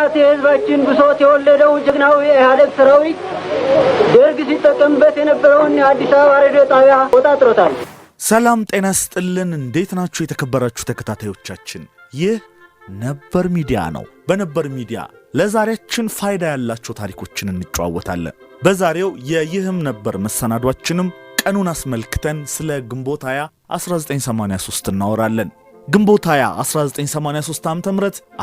ምክንያት የህዝባችን ብሶት የወለደው ጀግናው የኢህአዴግ ሰራዊት ደርግ ሲጠቀምበት የነበረውን የአዲስ አበባ ሬዲዮ ጣቢያ ቆጣጥሮታል። ሰላም ጤና ስጥልን። እንዴት ናችሁ የተከበራችሁ ተከታታዮቻችን? ይህ ነበር ሚዲያ ነው። በነበር ሚዲያ ለዛሬያችን ፋይዳ ያላቸው ታሪኮችን እንጨዋወታለን። በዛሬው የይህም ነበር መሰናዷችንም ቀኑን አስመልክተን ስለ ግንቦት 1983 እናወራለን። ግንቦት 20 1983 ዓ.ም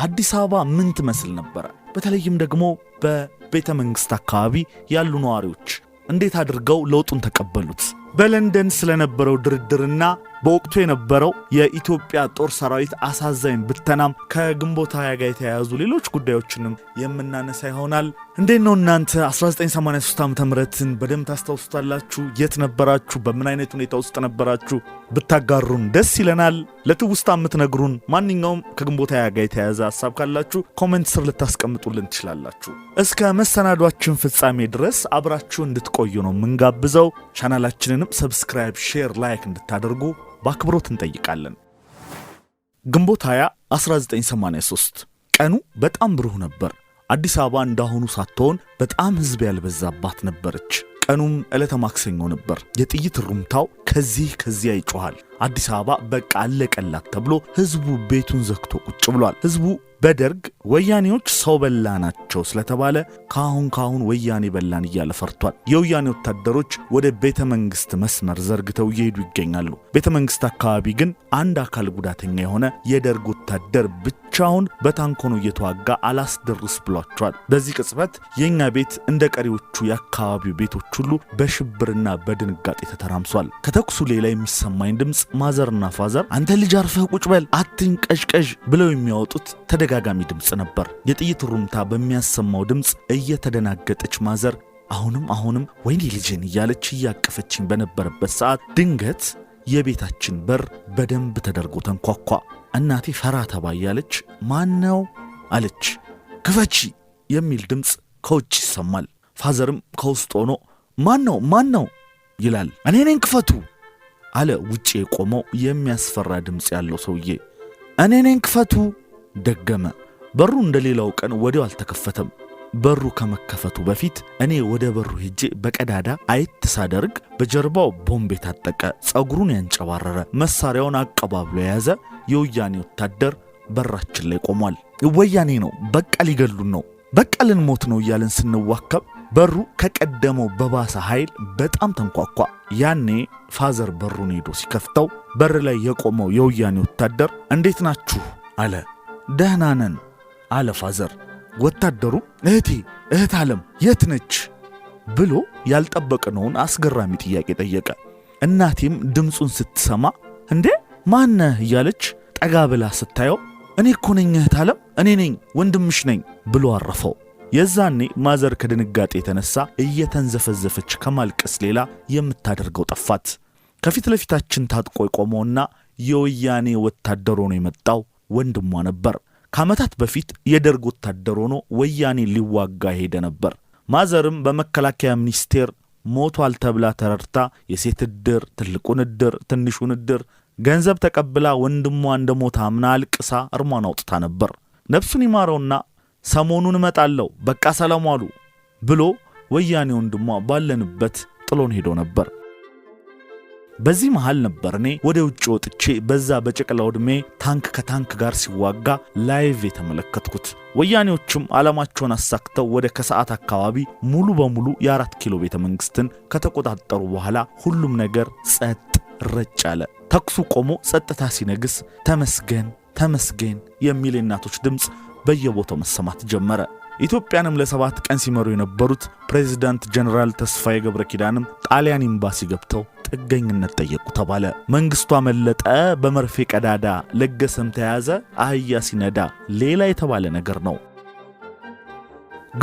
አዲስ አበባ ምን ትመስል ነበረ? በተለይም ደግሞ በቤተ መንግሥት አካባቢ ያሉ ነዋሪዎች እንዴት አድርገው ለውጡን ተቀበሉት? በለንደን ስለነበረው ድርድርና በወቅቱ የነበረው የኢትዮጵያ ጦር ሰራዊት አሳዛኝ ብተናም ከግንቦት ሃያ ጋር የተያያዙ ሌሎች ጉዳዮችንም የምናነሳ ይሆናል። እንዴት ነው እናንተ 1983 ዓ ምትን በደንብ ታስታውሱታላችሁ? የት ነበራችሁ? በምን አይነት ሁኔታ ውስጥ ነበራችሁ? ብታጋሩን ደስ ይለናል። ለትውስታ የምትነግሩን ማንኛውም ከግንቦታ ሃያ ጋር የተያያዘ ሀሳብ ካላችሁ ኮመንት ስር ልታስቀምጡልን ትችላላችሁ። እስከ መሰናዷችን ፍጻሜ ድረስ አብራችሁ እንድትቆዩ ነው የምንጋብዘው። ቻናላችንንም ሰብስክራይብ፣ ሼር፣ ላይክ እንድታደርጉ በአክብሮት እንጠይቃለን። ግንቦት 1983 ቀኑ በጣም ብሩህ ነበር። አዲስ አበባ እንዳሁኑ ሳትሆን በጣም ሕዝብ ያልበዛባት ነበረች። ቀኑም ዕለተ ማክሰኞ ነበር። የጥይት ሩምታው ከዚህ ከዚያ ይጮኋል። አዲስ አበባ በቃ አለቀላት ተብሎ ሕዝቡ ቤቱን ዘግቶ ቁጭ ብሏል። ሕዝቡ በደርግ ወያኔዎች ሰው በላ ናቸው ስለተባለ ካሁን ካሁን ወያኔ በላን እያለ ፈርቷል። የወያኔ ወታደሮች ወደ ቤተ መንግስት መስመር ዘርግተው እየሄዱ ይገኛሉ። ቤተ መንግስት አካባቢ ግን አንድ አካል ጉዳተኛ የሆነ የደርግ ወታደር ብቻውን በታንኮኑ እየተዋጋ አላስደርስ ብሏቸዋል። በዚህ ቅጽበት የእኛ ቤት እንደ ቀሪዎቹ የአካባቢው ቤቶች ሁሉ በሽብርና በድንጋጤ ተተራምሷል። ከተኩሱ ሌላ የሚሰማኝ ድምፅ ማዘርና ፋዘር አንተ ልጅ አርፈህ ቁጭ በል አትንቀዥቀዥ ብለው የሚያወጡት ተደ ተደጋጋሚ ድምፅ ነበር። የጥይት ሩምታ በሚያሰማው ድምፅ እየተደናገጠች ማዘር አሁንም አሁንም ወይኔ ልጄን እያለች እያቀፈችኝ በነበረበት ሰዓት ድንገት የቤታችን በር በደንብ ተደርጎ ተንኳኳ። እናቴ ፈራ ተባ እያለች ማን ነው አለች። ክፈቺ የሚል ድምፅ ከውጭ ይሰማል። ፋዘርም ከውስጥ ሆኖ ማን ነው ማን ነው ይላል። እኔ ነኝ ክፈቱ አለ ውጭ የቆመው የሚያስፈራ ድምፅ ያለው ሰውዬ። እኔ ነኝ ክፈቱ ደገመ። በሩ እንደሌላው ቀን ወዲያው አልተከፈተም። በሩ ከመከፈቱ በፊት እኔ ወደ በሩ ሄጄ በቀዳዳ አየት ሳደርግ በጀርባው ቦምብ የታጠቀ ጸጉሩን ያንጨባረረ መሳሪያውን አቀባብሎ የያዘ የወያኔ ወታደር በራችን ላይ ቆሟል። ወያኔ ነው፣ በቃ ሊገሉን ነው፣ በቃ ልንሞት ነው እያለን ስንዋከብ በሩ ከቀደመው በባሰ ኃይል በጣም ተንኳኳ። ያኔ ፋዘር በሩን ሄዶ ሲከፍተው በር ላይ የቆመው የወያኔ ወታደር እንዴት ናችሁ አለ። ደህና ነን አለ ፋዘር። ወታደሩ እህቴ እህት ዓለም የት ነች ብሎ ያልጠበቅነውን አስገራሚ ጥያቄ ጠየቀ። እናቴም ድምፁን ስትሰማ እንዴ ማነህ እያለች ጠጋ ብላ ስታየው እኔ እኮ ነኝ እህት ዓለም እኔ ነኝ ወንድምሽ ነኝ ብሎ አረፈው። የዛኔ ማዘር ከድንጋጤ የተነሳ እየተንዘፈዘፈች ከማልቀስ ሌላ የምታደርገው ጠፋት። ከፊት ለፊታችን ታጥቆ የቆመውና የወያኔ ወታደር ሆኖ የመጣው ወንድሟ ነበር። ከዓመታት በፊት የደርግ ወታደር ሆኖ ወያኔ ሊዋጋ ሄደ ነበር። ማዘርም በመከላከያ ሚኒስቴር ሞቷል ተብላ ተረድታ የሴት ዕድር፣ ትልቁን ዕድር፣ ትንሹን ዕድር ገንዘብ ተቀብላ ወንድሟ እንደ ሞታ አምና አልቅሳ እርሟን አውጥታ ነበር። ነፍሱን ይማረውና ሰሞኑን እመጣለሁ በቃ ሰላም አሉ ብሎ ወያኔ ወንድሟ ባለንበት ጥሎን ሄዶ ነበር። በዚህ መሃል ነበር እኔ ወደ ውጭ ወጥቼ በዛ በጨቅላ ዕድሜ ታንክ ከታንክ ጋር ሲዋጋ ላይቭ የተመለከትኩት። ወያኔዎቹም ዓላማቸውን አሳክተው ወደ ከሰዓት አካባቢ ሙሉ በሙሉ የአራት ኪሎ ቤተ መንግሥትን ከተቆጣጠሩ በኋላ ሁሉም ነገር ጸጥ ረጭ አለ። ተኩሱ ቆሞ ጸጥታ ሲነግስ ተመስገን ተመስገን የሚል የእናቶች ድምፅ በየቦታው መሰማት ጀመረ። ኢትዮጵያንም ለሰባት ቀን ሲመሩ የነበሩት ፕሬዚዳንት ጀኔራል ተስፋዬ ገብረ ኪዳንም ጣሊያን ኤምባሲ ገብተው ጥገኝነት ጠየቁ ተባለ። መንግስቱ አመለጠ በመርፌ ቀዳዳ፣ ለገሰም ተያዘ አህያ ሲነዳ ሌላ የተባለ ነገር ነው።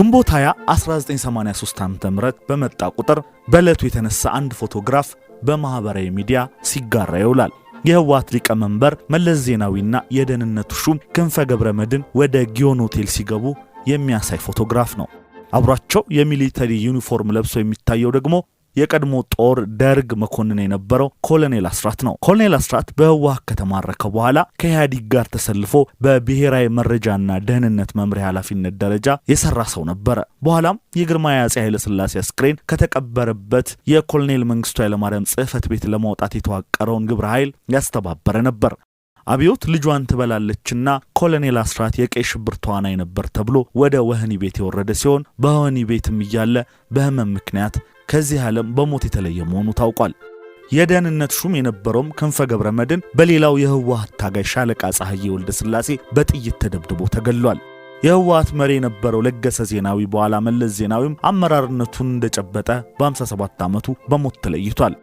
ግንቦት 20 1983 ዓ.ም በመጣ ቁጥር በዕለቱ የተነሳ አንድ ፎቶግራፍ በማኅበራዊ ሚዲያ ሲጋራ ይውላል። የህወሓት ሊቀመንበር መለስ ዜናዊና የደህንነቱ ሹም ክንፈ ገብረ መድን ወደ ጊዮን ሆቴል ሲገቡ የሚያሳይ ፎቶግራፍ ነው። አብሯቸው የሚሊተሪ ዩኒፎርም ለብሶ የሚታየው ደግሞ የቀድሞ ጦር ደርግ መኮንን የነበረው ኮሎኔል አስራት ነው። ኮሎኔል አስራት በህወሓት ከተማረከ በኋላ ከኢህአዲግ ጋር ተሰልፎ በብሔራዊ መረጃና ደህንነት መምሪያ ኃላፊነት ደረጃ የሰራ ሰው ነበረ። በኋላም የግርማዊ አጼ ኃይለሥላሴ አስክሬን ከተቀበረበት የኮሎኔል መንግስቱ ኃይለማርያም ጽህፈት ቤት ለማውጣት የተዋቀረውን ግብረ ኃይል ያስተባበረ ነበር። አብዮት ልጇን ትበላለችና ኮሎኔል አስራት የቀይ ሽብር ተዋናይ ነበር ተብሎ ወደ ወህኒ ቤት የወረደ ሲሆን በወህኒ ቤትም እያለ በህመም ምክንያት ከዚህ ዓለም በሞት የተለየ መሆኑ ታውቋል። የደህንነት ሹም የነበረውም ክንፈ ገብረ መድን በሌላው የህወሀት ታጋይ ሻለቃ ፀሐዬ ወልደ ስላሴ በጥይት ተደብድቦ ተገሏል። የህወሀት መሪ የነበረው ለገሰ ዜናዊ በኋላ መለስ ዜናዊም አመራርነቱን እንደጨበጠ በ57 ዓመቱ በሞት ተለይቷል።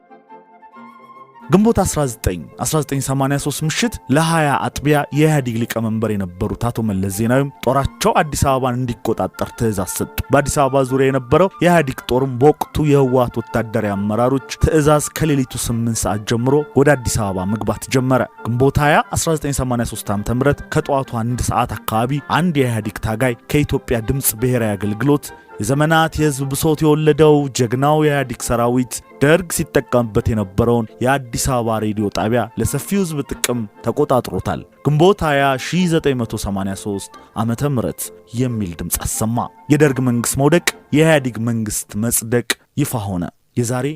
ግንቦት 19 1983 ምሽት ለ20 አጥቢያ የኢህአዴግ ሊቀመንበር የነበሩት አቶ መለስ ዜናዊም ጦራቸው አዲስ አበባን እንዲቆጣጠር ትእዛዝ ሰጡ። በአዲስ አበባ ዙሪያ የነበረው የኢህአዴግ ጦርም በወቅቱ የህወሀት ወታደራዊ አመራሮች ትእዛዝ ከሌሊቱ 8 ሰዓት ጀምሮ ወደ አዲስ አበባ መግባት ጀመረ። ግንቦት 20 1983 ዓ.ም ከጠዋቱ አንድ ሰዓት አካባቢ አንድ የኢህአዴግ ታጋይ ከኢትዮጵያ ድምፅ ብሔራዊ አገልግሎት የዘመናት የህዝብ ብሶት የወለደው ጀግናው የኢህአዴግ ሰራዊት ደርግ ሲጠቀምበት የነበረውን የአዲስ አበባ ሬዲዮ ጣቢያ ለሰፊው ህዝብ ጥቅም ተቆጣጥሮታል። ግንቦት 20 1983 ዓመተ ምህረት የሚል ድምፅ አሰማ። የደርግ መንግሥት መውደቅ፣ የኢህአዴግ መንግሥት መጽደቅ ይፋ ሆነ። የዛሬ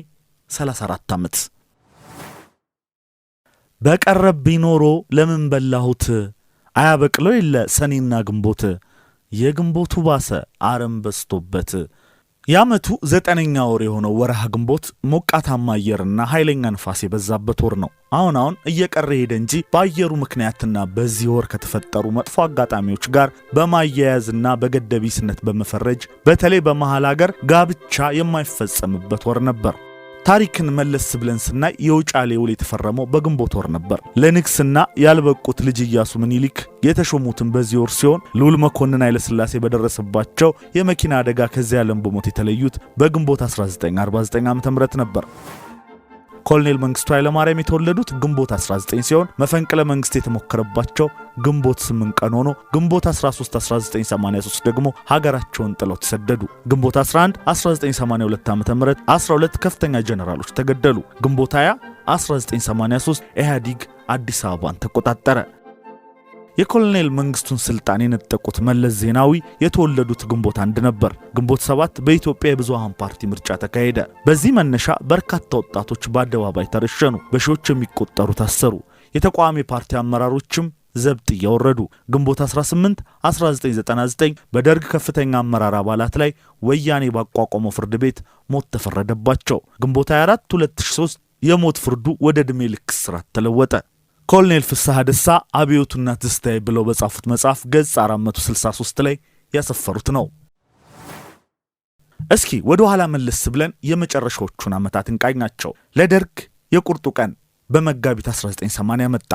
34 ዓመት በቀረብ ቢኖሮ ለምን በላሁት አያበቅለው የለ ሰኔና ግንቦት የግንቦቱ ባሰ አረም በስቶበት። የዓመቱ ዘጠነኛ ወር የሆነው ወርሃ ግንቦት ሞቃታማ አየርና ኃይለኛ ንፋስ የበዛበት ወር ነው። አሁን አሁን እየቀረ ሄደ እንጂ በአየሩ ምክንያትና በዚህ ወር ከተፈጠሩ መጥፎ አጋጣሚዎች ጋር በማያያዝና በገደቢስነት በመፈረጅ በተለይ በመሃል አገር ጋብቻ የማይፈጸምበት ወር ነበር። ታሪክን መለስ ብለን ስናይ የውጫሌ ውል የተፈረመው በግንቦት ወር ነበር። ለንግስና ያልበቁት ልጅ እያሱ ምኒልክ የተሾሙትን በዚህ ወር ሲሆን ልዑል መኮንን ኃይለሥላሴ በደረሰባቸው የመኪና አደጋ ከዚህ ዓለም በሞት የተለዩት በግንቦት 1949 ዓ.ም ነበር። ኮሎኔል መንግስቱ ኃይለማርያም የተወለዱት ግንቦት 19 ሲሆን መፈንቅለ መንግስት የተሞከረባቸው ግንቦት 8 ቀን ሆኖ ግንቦት 13 1983 ደግሞ ሀገራቸውን ጥለው ተሰደዱ። ግንቦት 11 1982 ዓ.ም 12 ከፍተኛ ጀነራሎች ተገደሉ። ግንቦት 20 1983 ኢህአዲግ አዲስ አበባን ተቆጣጠረ። የኮሎኔል መንግስቱን ስልጣን የነጠቁት መለስ ዜናዊ የተወለዱት ግንቦት አንድ ነበር። ግንቦት ሰባት በኢትዮጵያ የብዙሃን ፓርቲ ምርጫ ተካሄደ። በዚህ መነሻ በርካታ ወጣቶች በአደባባይ ተረሸኑ፣ በሺዎች የሚቆጠሩ ታሰሩ። የተቃዋሚ ፓርቲ አመራሮችም ዘብጥ እያወረዱ ግንቦት 18 1999 በደርግ ከፍተኛ አመራር አባላት ላይ ወያኔ ባቋቋመው ፍርድ ቤት ሞት ተፈረደባቸው። ግንቦት 24 2003 የሞት ፍርዱ ወደ ዕድሜ ልክ እስራት ተለወጠ። ኮሎኔል ፍስሐ ደሳ አብዮቱና ትዝታዬ ብለው በጻፉት መጽሐፍ ገጽ 463 ላይ ያሰፈሩት ነው። እስኪ ወደ ኋላ መለስ ብለን የመጨረሻዎቹን ዓመታት እንቃኛቸው። ለደርግ የቁርጡ ቀን በመጋቢት 1980 መጣ።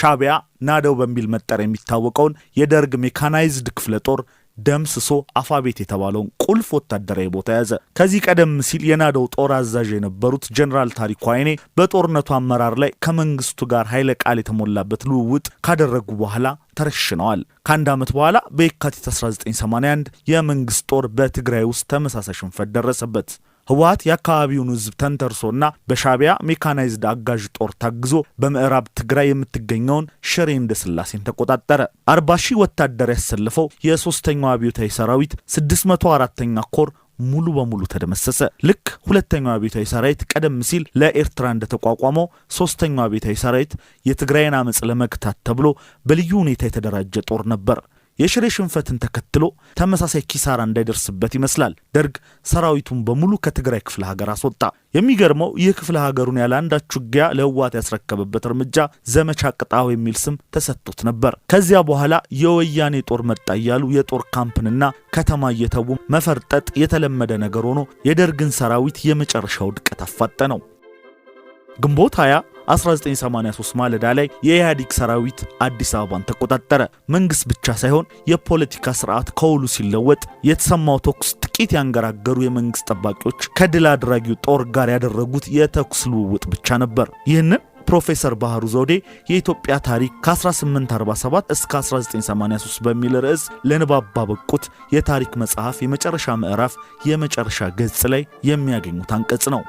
ሻቢያ ናደው በሚል መጠሪያ የሚታወቀውን የደርግ ሜካናይዝድ ክፍለ ጦር ደምስሶ አፋቤት የተባለውን ቁልፍ ወታደራዊ ቦታ ያዘ። ከዚህ ቀደም ሲል የናደው ጦር አዛዥ የነበሩት ጀኔራል ታሪኩ አይኔ በጦርነቱ አመራር ላይ ከመንግስቱ ጋር ኃይለ ቃል የተሞላበት ልውውጥ ካደረጉ በኋላ ተረሽነዋል። ከአንድ ዓመት በኋላ በየካቲት 1981 የመንግስት ጦር በትግራይ ውስጥ ተመሳሳይ ሽንፈት ደረሰበት። ህወሀት የአካባቢውን ህዝብ ተንተርሶና በሻቢያ ሜካናይዝድ አጋዥ ጦር ታግዞ በምዕራብ ትግራይ የምትገኘውን ሽሬ ስላሴን ተቆጣጠረ። አርባ ሺህ ወታደር ያሰለፈው የሶስተኛው አብዮታዊ ሰራዊት ስድስት መቶ አራተኛ ኮር ሙሉ በሙሉ ተደመሰሰ። ልክ ሁለተኛው አብዮታዊ ሰራዊት ቀደም ሲል ለኤርትራ እንደተቋቋመው ሶስተኛው አብዮታዊ ሰራዊት የትግራይን አመፅ ለመግታት ተብሎ በልዩ ሁኔታ የተደራጀ ጦር ነበር። የሽሬ ሽንፈትን ተከትሎ ተመሳሳይ ኪሳራ እንዳይደርስበት ይመስላል ደርግ ሰራዊቱን በሙሉ ከትግራይ ክፍለ ሀገር አስወጣ። የሚገርመው ይህ ክፍለ ሀገሩን ያለ አንዳች ውጊያ ለህወሓት ያስረከበበት እርምጃ ዘመቻ ቅጣው የሚል ስም ተሰጥቶት ነበር። ከዚያ በኋላ የወያኔ ጦር መጣ እያሉ የጦር ካምፕንና ከተማ እየተዉ መፈርጠጥ የተለመደ ነገር ሆኖ የደርግን ሰራዊት የመጨረሻው ውድቀት አፋጠነው። ግንቦት 20 1983 ማለዳ ላይ የኢህአዴግ ሰራዊት አዲስ አበባን ተቆጣጠረ። መንግስት ብቻ ሳይሆን የፖለቲካ ስርዓት ከውሉ ሲለወጥ የተሰማው ተኩስ ጥቂት ያንገራገሩ የመንግስት ጠባቂዎች ከድል አድራጊው ጦር ጋር ያደረጉት የተኩስ ልውውጥ ብቻ ነበር። ይህንን ፕሮፌሰር ባህሩ ዘውዴ የኢትዮጵያ ታሪክ ከ1847 እስከ 1983 በሚል ርዕስ ለንባብ ባበቁት የታሪክ መጽሐፍ የመጨረሻ ምዕራፍ የመጨረሻ ገጽ ላይ የሚያገኙት አንቀጽ ነው።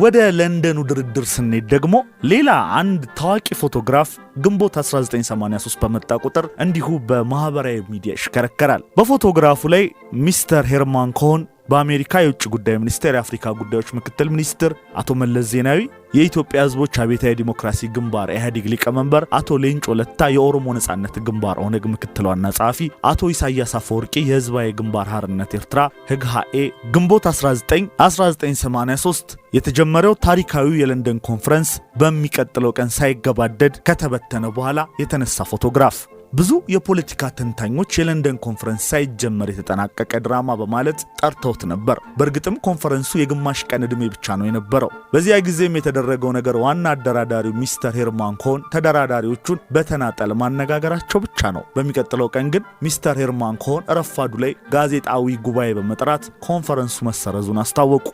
ወደ ለንደኑ ድርድር ስንሄድ ደግሞ ሌላ አንድ ታዋቂ ፎቶግራፍ ግንቦት 1983 በመጣ ቁጥር እንዲሁ በማህበራዊ ሚዲያ ይሽከረከራል። በፎቶግራፉ ላይ ሚስተር ሄርማን ኮሆን በአሜሪካ የውጭ ጉዳይ ሚኒስቴር የአፍሪካ ጉዳዮች ምክትል ሚኒስትር አቶ መለስ ዜናዊ፣ የኢትዮጵያ ሕዝቦች አብዮታዊ ዲሞክራሲ ግንባር ኢህአዴግ ሊቀመንበር አቶ ሌንጮ ለታ፣ የኦሮሞ ነጻነት ግንባር ኦነግ ምክትል ዋና ጸሐፊ አቶ ኢሳያስ አፈወርቂ፣ የህዝባዊ ግንባር ሐርነት ኤርትራ ህግሐኤ ግንቦት 19 1983 የተጀመረው ታሪካዊ የለንደን ኮንፈረንስ በሚቀጥለው ቀን ሳይገባደድ ከተበተነ በኋላ የተነሳ ፎቶግራፍ ብዙ የፖለቲካ ተንታኞች የለንደን ኮንፈረንስ ሳይጀመር የተጠናቀቀ ድራማ በማለት ጠርተውት ነበር። በእርግጥም ኮንፈረንሱ የግማሽ ቀን ዕድሜ ብቻ ነው የነበረው። በዚያ ጊዜም የተደረገው ነገር ዋና አደራዳሪው ሚስተር ሄርማን ኮሆን ተደራዳሪዎቹን በተናጠል ማነጋገራቸው ብቻ ነው። በሚቀጥለው ቀን ግን ሚስተር ሄርማን ኮሆን ረፋዱ ላይ ጋዜጣዊ ጉባኤ በመጥራት ኮንፈረንሱ መሰረዙን አስታወቁ።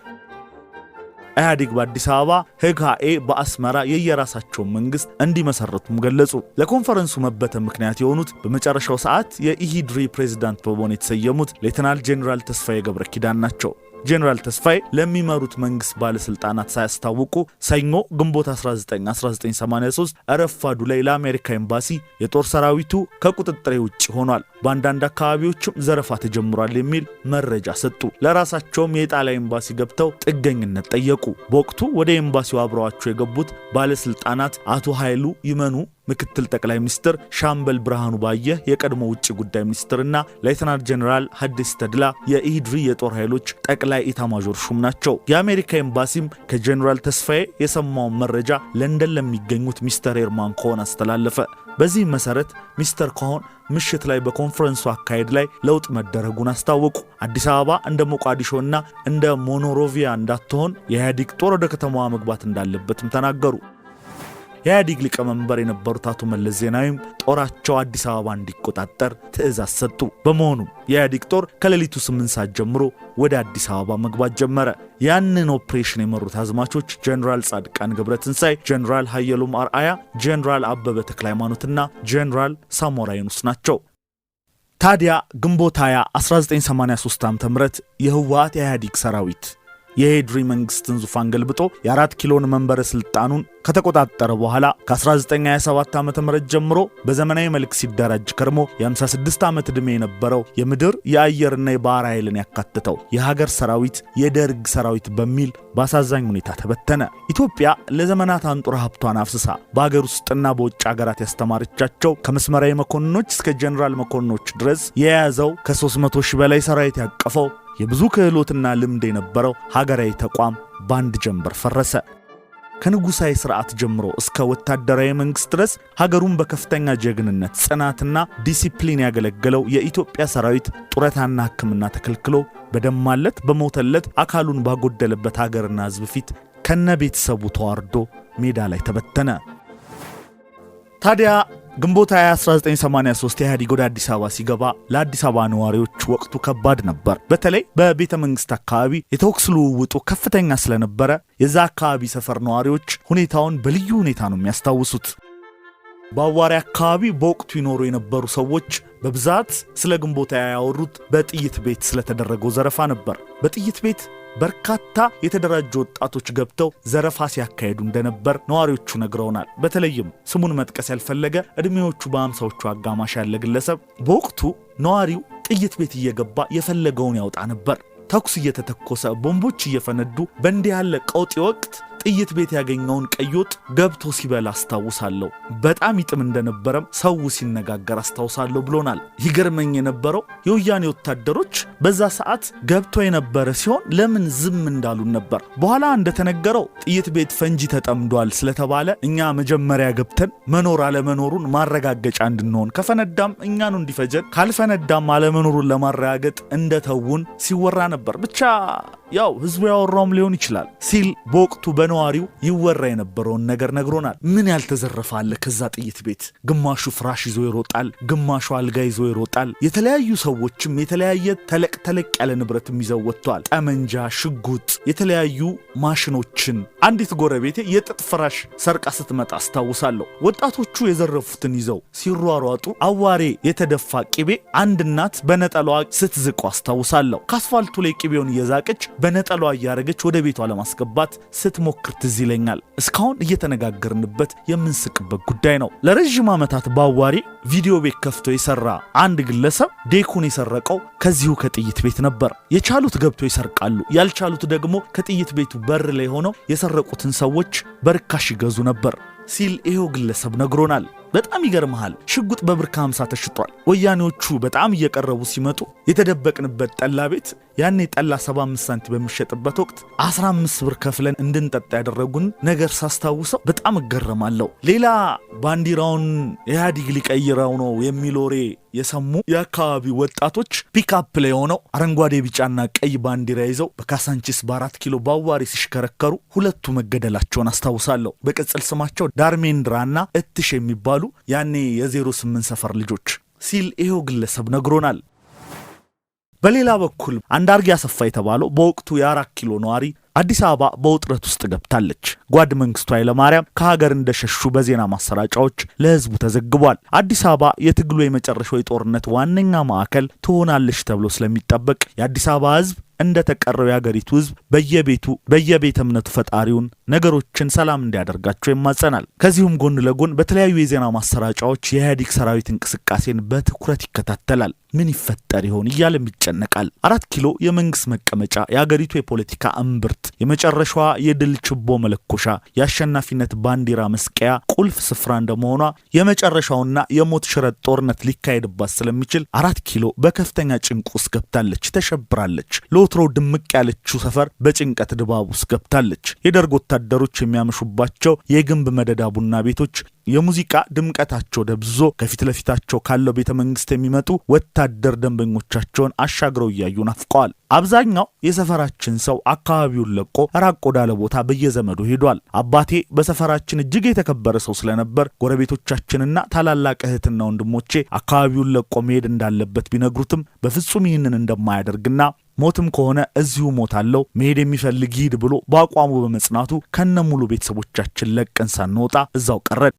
ኢህአዴግ በአዲስ አበባ ህግሀኤ በአስመራ የየራሳቸውን መንግስት እንዲመሰርቱም ገለጹ። ለኮንፈረንሱ መበተን ምክንያት የሆኑት በመጨረሻው ሰዓት የኢሂድሪ ፕሬዚዳንት በመሆን የተሰየሙት ሌተናል ጄኔራል ተስፋዬ ገብረ ኪዳን ናቸው። ጄኔራል ተስፋዬ ለሚመሩት መንግስት ባለስልጣናት ሳያስታውቁ ሰኞ ግንቦት 19 1983 ረፋዱ ላይ ለአሜሪካ ኤምባሲ የጦር ሰራዊቱ ከቁጥጥሬ ውጭ ሆኗል፣ በአንዳንድ አካባቢዎችም ዘረፋ ተጀምሯል የሚል መረጃ ሰጡ። ለራሳቸውም የጣሊያን ኤምባሲ ገብተው ጥገኝነት ጠየቁ። በወቅቱ ወደ ኤምባሲው አብረዋቸው የገቡት ባለስልጣናት አቶ ኃይሉ ይመኑ ምክትል ጠቅላይ ሚኒስትር ሻምበል ብርሃኑ ባየ የቀድሞ ውጭ ጉዳይ ሚኒስትርና ሌተናንት ጀኔራል ሀዲስ ተድላ የኢድሪ የጦር ኃይሎች ጠቅላይ ኢታማዦር ሹም ናቸው። የአሜሪካ ኤምባሲም ከጀኔራል ተስፋዬ የሰማውን መረጃ ለንደን ለሚገኙት ሚስተር ኤርማን ከሆን አስተላለፈ። በዚህ መሰረት ሚስተር ከሆን ምሽት ላይ በኮንፈረንሱ አካሄድ ላይ ለውጥ መደረጉን አስታወቁ። አዲስ አበባ እንደ ሞቃዲሾና እንደ ሞኖሮቪያ እንዳትሆን የኢህአዴግ ጦር ወደ ከተማዋ መግባት እንዳለበትም ተናገሩ። የኢህአዴግ ሊቀመንበር የነበሩት አቶ መለስ ዜናዊም ጦራቸው አዲስ አበባ እንዲቆጣጠር ትዕዛዝ ሰጡ። በመሆኑም የኢህአዴግ ጦር ከሌሊቱ ስምንት ሰዓት ጀምሮ ወደ አዲስ አበባ መግባት ጀመረ። ያንን ኦፕሬሽን የመሩት አዝማቾች ጀኔራል ጻድቃን ገብረትንሳይ፣ ጀኔራል ሀየሎም አርአያ፣ ጀኔራል አበበ ተክለ ሃይማኖትና ጀኔራል ሳሞራ ዩኑስ ናቸው። ታዲያ ግንቦት 20 1983 ዓ ም የህወሀት የኢህአዴግ ሰራዊት የሄድሪ መንግስትን ዙፋን ገልብጦ የአራት ኪሎን መንበረ ስልጣኑን ከተቆጣጠረ በኋላ ከ1927 ዓ ም ጀምሮ በዘመናዊ መልክ ሲደራጅ ከርሞ የ56 ዓመት ዕድሜ የነበረው የምድር የአየርና የባህር ኃይልን ያካትተው የሀገር ሰራዊት የደርግ ሰራዊት በሚል በአሳዛኝ ሁኔታ ተበተነ። ኢትዮጵያ ለዘመናት አንጡራ ሀብቷን አፍስሳ በሀገር ውስጥና በውጭ ሀገራት ያስተማረቻቸው ከመስመራዊ መኮንኖች እስከ ጀኔራል መኮንኖች ድረስ የያዘው ከ300 ሺህ በላይ ሰራዊት ያቀፈው የብዙ ክህሎትና ልምድ የነበረው ሀገራዊ ተቋም በአንድ ጀንበር ፈረሰ። ከንጉሣዊ ሥርዓት ጀምሮ እስከ ወታደራዊ መንግሥት ድረስ ሀገሩን በከፍተኛ ጀግንነት ጽናትና ዲሲፕሊን ያገለገለው የኢትዮጵያ ሰራዊት ጡረታና ሕክምና ተከልክሎ በደማለት በሞተለት አካሉን ባጎደለበት ሀገርና ሕዝብ ፊት ከነ ቤተሰቡ ተዋርዶ ሜዳ ላይ ተበተነ። ታዲያ ግንቦት 1983 ኢህአዴግ ወደ አዲስ አበባ ሲገባ ለአዲስ አበባ ነዋሪዎች ወቅቱ ከባድ ነበር። በተለይ በቤተ መንግስት አካባቢ የተኩስ ልውውጡ ከፍተኛ ስለነበረ የዛ አካባቢ ሰፈር ነዋሪዎች ሁኔታውን በልዩ ሁኔታ ነው የሚያስታውሱት። በአዋሪ አካባቢ በወቅቱ ይኖሩ የነበሩ ሰዎች በብዛት ስለ ግንቦት ያወሩት በጥይት ቤት ስለተደረገው ዘረፋ ነበር። በጥይት ቤት በርካታ የተደራጁ ወጣቶች ገብተው ዘረፋ ሲያካሄዱ እንደነበር ነዋሪዎቹ ነግረውናል። በተለይም ስሙን መጥቀስ ያልፈለገ ዕድሜዎቹ በአምሳዎቹ አጋማሽ ያለ ግለሰብ በወቅቱ ነዋሪው ጥይት ቤት እየገባ የፈለገውን ያውጣ ነበር። ተኩስ እየተተኮሰ ቦምቦች እየፈነዱ በእንዲህ ያለ ቀውጢ ወቅት ጥይት ቤት ያገኘውን ቀይ ወጥ ገብቶ ሲበላ አስታውሳለሁ። በጣም ይጥም እንደነበረም ሰው ሲነጋገር አስታውሳለሁ ብሎናል። ይገርመኝ የነበረው የወያኔ ወታደሮች በዛ ሰዓት ገብቶ የነበረ ሲሆን ለምን ዝም እንዳሉን ነበር። በኋላ እንደተነገረው ጥይት ቤት ፈንጂ ተጠምዷል ስለተባለ እኛ መጀመሪያ ገብተን መኖር አለመኖሩን ማረጋገጫ እንድንሆን ከፈነዳም እኛኑ እንዲፈጀን ካልፈነዳም አለመኖሩን ለማረጋገጥ እንደተውን ሲወራ ነበር። ብቻ ያው ህዝቡ ያወራውም ሊሆን ይችላል ሲል በወቅቱ በ በነዋሪው ይወራ የነበረውን ነገር ነግሮናል። ምን ያልተዘረፈ አለ ከዛ ጥይት ቤት? ግማሹ ፍራሽ ይዞ ይሮጣል፣ ግማሹ አልጋ ይዞ ይሮጣል። የተለያዩ ሰዎችም የተለያየ ተለቅ ተለቅ ያለ ንብረትም ይዘው ወጥቷል። ጠመንጃ፣ ሽጉጥ፣ የተለያዩ ማሽኖችን። አንዲት ጎረቤቴ የጥጥ ፍራሽ ሰርቃ ስትመጣ አስታውሳለሁ። ወጣቶቹ የዘረፉትን ይዘው ሲሯሯጡ አዋሬ የተደፋ ቅቤ አንድ እናት በነጠሏ ስትዝቁ አስታውሳለሁ። ከአስፋልቱ ላይ ቅቤውን እየዛቀች በነጠሏ እያረገች ወደ ቤቷ ለማስገባት ስትሞ ስሞክር ትዝ ይለኛል። እስካሁን እየተነጋገርንበት የምንስቅበት ጉዳይ ነው። ለረዥም ዓመታት በአዋሪ ቪዲዮ ቤት ከፍቶ የሰራ አንድ ግለሰብ ዴኩን የሰረቀው ከዚሁ ከጥይት ቤት ነበር። የቻሉት ገብቶ ይሰርቃሉ፣ ያልቻሉት ደግሞ ከጥይት ቤቱ በር ላይ ሆነው የሰረቁትን ሰዎች በርካሽ ይገዙ ነበር። ሲል ይሄው ግለሰብ ነግሮናል። በጣም ይገርመሃል፣ ሽጉጥ በብር አምሳ ተሽጧል። ወያኔዎቹ በጣም እየቀረቡ ሲመጡ የተደበቅንበት ጠላ ቤት ያኔ ጠላ 75 ሳንቲም በሚሸጥበት ወቅት 15 ብር ከፍለን እንድንጠጣ ያደረጉን ነገር ሳስታውሰው በጣም እገረማለሁ። ሌላ ባንዲራውን ኢህአዲግ ሊቀይረው ነው የሚል ወሬ የሰሙ የአካባቢ ወጣቶች ፒካፕ ላይ ሆነው አረንጓዴ ቢጫና ቀይ ባንዲራ ይዘው በካሳንቺስ በአራት ኪሎ በአዋሪ ሲሽከረከሩ ሁለቱ መገደላቸውን አስታውሳለሁ። በቅጽል ስማቸው ዳርሜንድራና እትሽ የሚባሉ ያኔ የዜሮ ስምንት ሰፈር ልጆች ሲል ይኸው ግለሰብ ነግሮናል። በሌላ በኩል አንዳርጌ አሰፋ የተባለው በወቅቱ የአራት ኪሎ ነዋሪ አዲስ አበባ በውጥረት ውስጥ ገብታለች። ጓድ መንግስቱ ኃይለማርያም ከሀገር እንደሸሹ በዜና ማሰራጫዎች ለህዝቡ ተዘግቧል። አዲስ አበባ የትግሉ የመጨረሻው የጦርነት ዋነኛ ማዕከል ትሆናለች ተብሎ ስለሚጠበቅ የአዲስ አበባ ህዝብ እንደ ተቀረው የሀገሪቱ ህዝብ በየቤቱ በየቤተ እምነቱ ፈጣሪውን ነገሮችን ሰላም እንዲያደርጋቸው ይማጸናል። ከዚሁም ጎን ለጎን በተለያዩ የዜና ማሰራጫዎች የኢህአዴግ ሰራዊት እንቅስቃሴን በትኩረት ይከታተላል። ምን ይፈጠር ይሆን እያለም ይጨነቃል። አራት ኪሎ የመንግስት መቀመጫ፣ የአገሪቱ የፖለቲካ እምብርት፣ የመጨረሻዋ የድል ችቦ መለኮሻ፣ የአሸናፊነት ባንዲራ መስቀያ ቁልፍ ስፍራ እንደመሆኗ የመጨረሻውና የሞት ሽረት ጦርነት ሊካሄድባት ስለሚችል አራት ኪሎ በከፍተኛ ጭንቅ ውስጥ ገብታለች፣ ተሸብራለች። ለወትሮ ድምቅ ያለችው ሰፈር በጭንቀት ድባብ ውስጥ ገብታለች። የደርግ ወታደሮች የሚያመሹባቸው የግንብ መደዳ ቡና ቤቶች የሙዚቃ ድምቀታቸው ደብዝዞ ከፊት ለፊታቸው ካለው ቤተ መንግስት የሚመጡ ወታደር ደንበኞቻቸውን አሻግረው እያዩ ናፍቀዋል። አብዛኛው የሰፈራችን ሰው አካባቢውን ለቆ ራቅ ወዳለ ቦታ በየዘመዱ ሄዷል። አባቴ በሰፈራችን እጅግ የተከበረ ሰው ስለነበር ጎረቤቶቻችንና ታላላቅ እህትና ወንድሞቼ አካባቢውን ለቆ መሄድ እንዳለበት ቢነግሩትም በፍጹም ይህንን እንደማያደርግና ሞትም ከሆነ እዚሁ አለው መሄድ የሚፈልግ ይድ ብሎ በአቋሙ በመጽናቱ ከነ ሙሉ ቤተሰቦቻችን ለቀን ሳንወጣ እዛው ቀረን።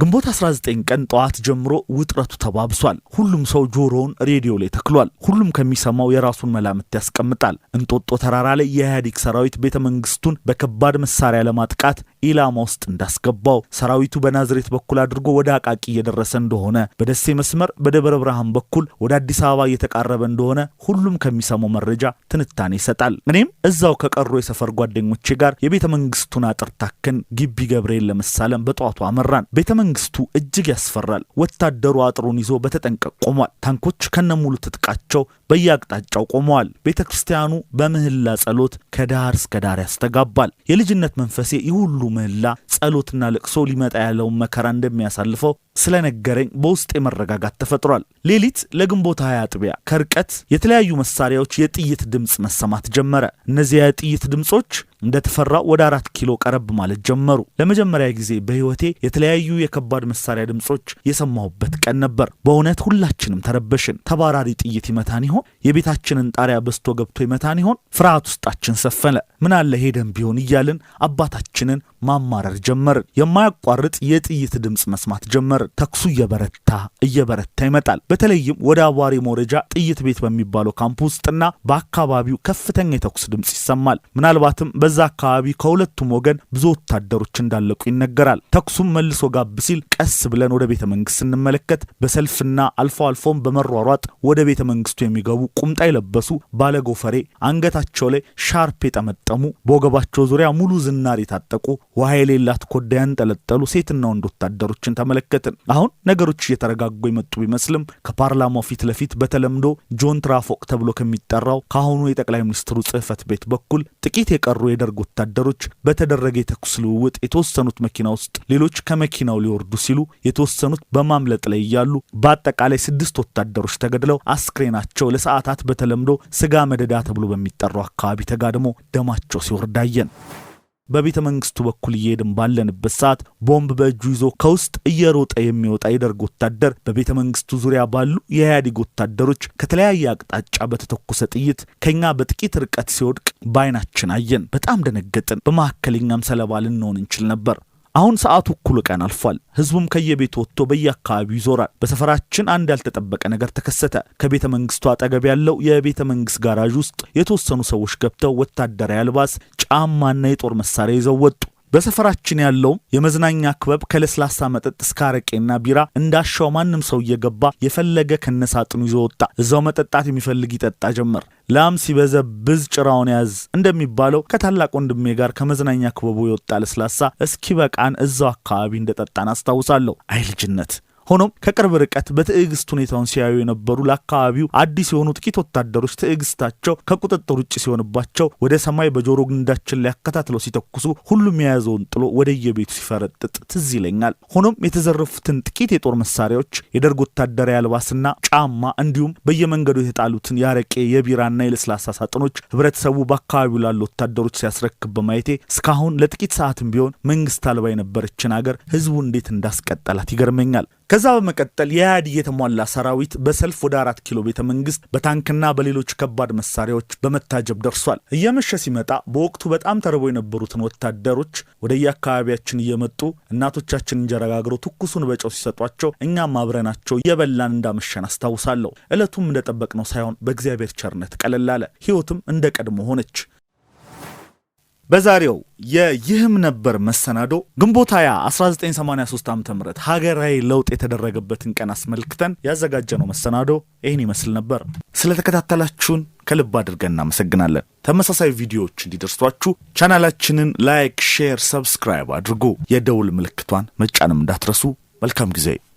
ግንቦት 19 ቀን ጠዋት ጀምሮ ውጥረቱ ተባብሷል። ሁሉም ሰው ጆሮውን ሬዲዮ ላይ ተክሏል። ሁሉም ከሚሰማው የራሱን መላምት ያስቀምጣል። እንጦጦ ተራራ ላይ የኢህአዴግ ሰራዊት ቤተ መንግስቱን በከባድ መሳሪያ ለማጥቃት ኢላማ ውስጥ እንዳስገባው ሰራዊቱ በናዝሬት በኩል አድርጎ ወደ አቃቂ እየደረሰ እንደሆነ በደሴ መስመር በደብረ ብርሃን በኩል ወደ አዲስ አበባ እየተቃረበ እንደሆነ ሁሉም ከሚሰማው መረጃ ትንታኔ ይሰጣል። እኔም እዛው ከቀሩ የሰፈር ጓደኞቼ ጋር የቤተ መንግስቱን አጥር ታክን ግቢ ገብርኤል ለመሳለም በጠዋቱ አመራን። ቤተ መንግስቱ እጅግ ያስፈራል። ወታደሩ አጥሩን ይዞ በተጠንቀቅ ቆሟል። ታንኮች ከነሙሉ ትጥቃቸው በየአቅጣጫው ቆመዋል። ቤተ ክርስቲያኑ በምህላ ጸሎት ከዳር እስከ ዳር ያስተጋባል። የልጅነት መንፈሴ ይህ ሁሉ ምህላ ጸሎትና ልቅሶ ሊመጣ ያለውን መከራ እንደሚያሳልፈው ስለነገረኝ በውስጥ የመረጋጋት ተፈጥሯል። ሌሊት ለግንቦት ሀያ አጥቢያ ከርቀት የተለያዩ መሳሪያዎች የጥይት ድምፅ መሰማት ጀመረ። እነዚያ የጥይት ድምፆች እንደተፈራው ወደ አራት ኪሎ ቀረብ ማለት ጀመሩ። ለመጀመሪያ ጊዜ በሕይወቴ የተለያዩ የከባድ መሳሪያ ድምፆች የሰማሁበት ቀን ነበር። በእውነት ሁላችንም ተረበሽን። ተባራሪ ጥይት ይመታን ይሆን? የቤታችንን ጣሪያ በስቶ ገብቶ ይመታን ይሆን? ፍርሃት ውስጣችን ሰፈነ። አለ ሄደን ቢሆን እያልን አባታችንን ማማረር ጀመርን። የማያቋርጥ የጥይት ድምፅ መስማት ጀመርን። ተኩሱ እየበረታ እየበረታ ይመጣል። በተለይም ወደ አቧሪ መውረጃ ጥይት ቤት በሚባለው ካምፕ ውስጥና በአካባቢው ከፍተኛ የተኩስ ድምፅ ይሰማል። ምናልባትም በዛ አካባቢ ከሁለቱም ወገን ብዙ ወታደሮች እንዳለቁ ይነገራል። ተኩሱም መልሶ ጋብ ሲል ቀስ ብለን ወደ ቤተ መንግስት ስንመለከት በሰልፍና አልፎ አልፎም በመሯሯጥ ወደ ቤተ መንግስቱ የሚገቡ ቁምጣ የለበሱ ባለጎፈሬ አንገታቸው ላይ ሻርፕ የጠመጠሙ በወገባቸው ዙሪያ ሙሉ ዝናር የታጠቁ ውሃ የሌላት ኮዳ ያንጠለጠሉ ሴትና ወንድ ወታደሮችን ተመለከትን። አሁን ነገሮች እየተረጋጉ የመጡ ቢመስልም ከፓርላማው ፊት ለፊት በተለምዶ ጆን ትራፎቅ ተብሎ ከሚጠራው ከአሁኑ የጠቅላይ ሚኒስትሩ ጽህፈት ቤት በኩል ጥቂት የቀሩ የደርግ ወታደሮች በተደረገ የተኩስ ልውውጥ የተወሰኑት መኪና ውስጥ፣ ሌሎች ከመኪናው ሊወርዱ ሲሉ የተወሰኑት በማምለጥ ላይ እያሉ በአጠቃላይ ስድስት ወታደሮች ተገድለው አስክሬናቸው ለሰዓታት በተለምዶ ስጋ መደዳ ተብሎ በሚጠራው አካባቢ ተጋድሞ ደማቸው ሲወርድ አየን። በቤተ መንግስቱ በኩል እየሄድን ባለንበት ሰዓት ቦምብ በእጁ ይዞ ከውስጥ እየሮጠ የሚወጣ የደርግ ወታደር በቤተ መንግስቱ ዙሪያ ባሉ የኢህአዴግ ወታደሮች ከተለያየ አቅጣጫ በተተኮሰ ጥይት ከኛ በጥቂት ርቀት ሲወድቅ በአይናችን አየን። በጣም ደነገጥን። በመካከለኛም ሰለባ ልንሆን እንችል ነበር። አሁን ሰዓቱ እኩል ቀን አልፏል። ህዝቡም ከየቤቱ ወጥቶ በየአካባቢው ይዞራል። በሰፈራችን አንድ ያልተጠበቀ ነገር ተከሰተ። ከቤተ መንግስቱ አጠገብ ያለው የቤተ መንግስት ጋራዥ ውስጥ የተወሰኑ ሰዎች ገብተው ወታደራዊ አልባስ፣ ጫማና የጦር መሳሪያ ይዘው ወጡ። በሰፈራችን ያለውም የመዝናኛ ክበብ ከለስላሳ መጠጥ እስከ አረቄና ቢራ እንዳሻው ማንም ሰው እየገባ የፈለገ ከነሳጥኑ ይዞ ወጣ። እዛው መጠጣት የሚፈልግ ይጠጣ ጀመር። ላም ሲበዘብዝ ጭራውን ያዝ እንደሚባለው ከታላቅ ወንድሜ ጋር ከመዝናኛ ክበቡ የወጣ ለስላሳ እስኪበቃን እዛው አካባቢ እንደጠጣን አስታውሳለሁ። አይ ልጅነት ሆኖም ከቅርብ ርቀት በትዕግስት ሁኔታውን ሲያዩ የነበሩ ለአካባቢው አዲስ የሆኑ ጥቂት ወታደሮች ትዕግስታቸው ከቁጥጥር ውጭ ሲሆንባቸው ወደ ሰማይ በጆሮ ግንዳችን ላይ አከታትለው ሲተኩሱ ሁሉም የያዘውን ጥሎ ወደየቤቱ ሲፈረጥጥ ትዝ ይለኛል። ሆኖም የተዘረፉትን ጥቂት የጦር መሳሪያዎች፣ የደርግ ወታደራዊ አልባስና ጫማ እንዲሁም በየመንገዱ የተጣሉትን የአረቄ የቢራና የለስላሳ ሳጥኖች ህብረተሰቡ በአካባቢው ላሉ ወታደሮች ሲያስረክብ በማየቴ እስካሁን ለጥቂት ሰዓትም ቢሆን መንግስት አልባ የነበረችን አገር ህዝቡ እንዴት እንዳስቀጠላት ይገርመኛል። ከዛ በመቀጠል የኢህአዴግ የተሟላ ሰራዊት በሰልፍ ወደ አራት ኪሎ ቤተ መንግስት በታንክና በሌሎች ከባድ መሳሪያዎች በመታጀብ ደርሷል። እየመሸ ሲመጣ በወቅቱ በጣም ተርቦ የነበሩትን ወታደሮች ወደየአካባቢያችን እየመጡ እናቶቻችን እንጀራ ጋግረው ትኩሱን በጨው ሲሰጧቸው እኛም አብረናቸው እየበላን እንዳመሸን አስታውሳለሁ። እንደጠበቅ እንደጠበቅነው ሳይሆን በእግዚአብሔር ቸርነት ቀለል አለ። ሕይወትም እንደ ቀድሞ ሆነች። በዛሬው የይህም ነበር መሰናዶ ግንቦት 20 1983 ዓ ም ሀገራዊ ለውጥ የተደረገበትን ቀን አስመልክተን ያዘጋጀነው መሰናዶ ይህን ይመስል ነበር። ስለተከታተላችሁን ከልብ አድርገን እናመሰግናለን። ተመሳሳይ ቪዲዮዎች እንዲደርሷችሁ ቻናላችንን ላይክ፣ ሼር፣ ሰብስክራይብ አድርጉ። የደውል ምልክቷን መጫንም እንዳትረሱ። መልካም ጊዜ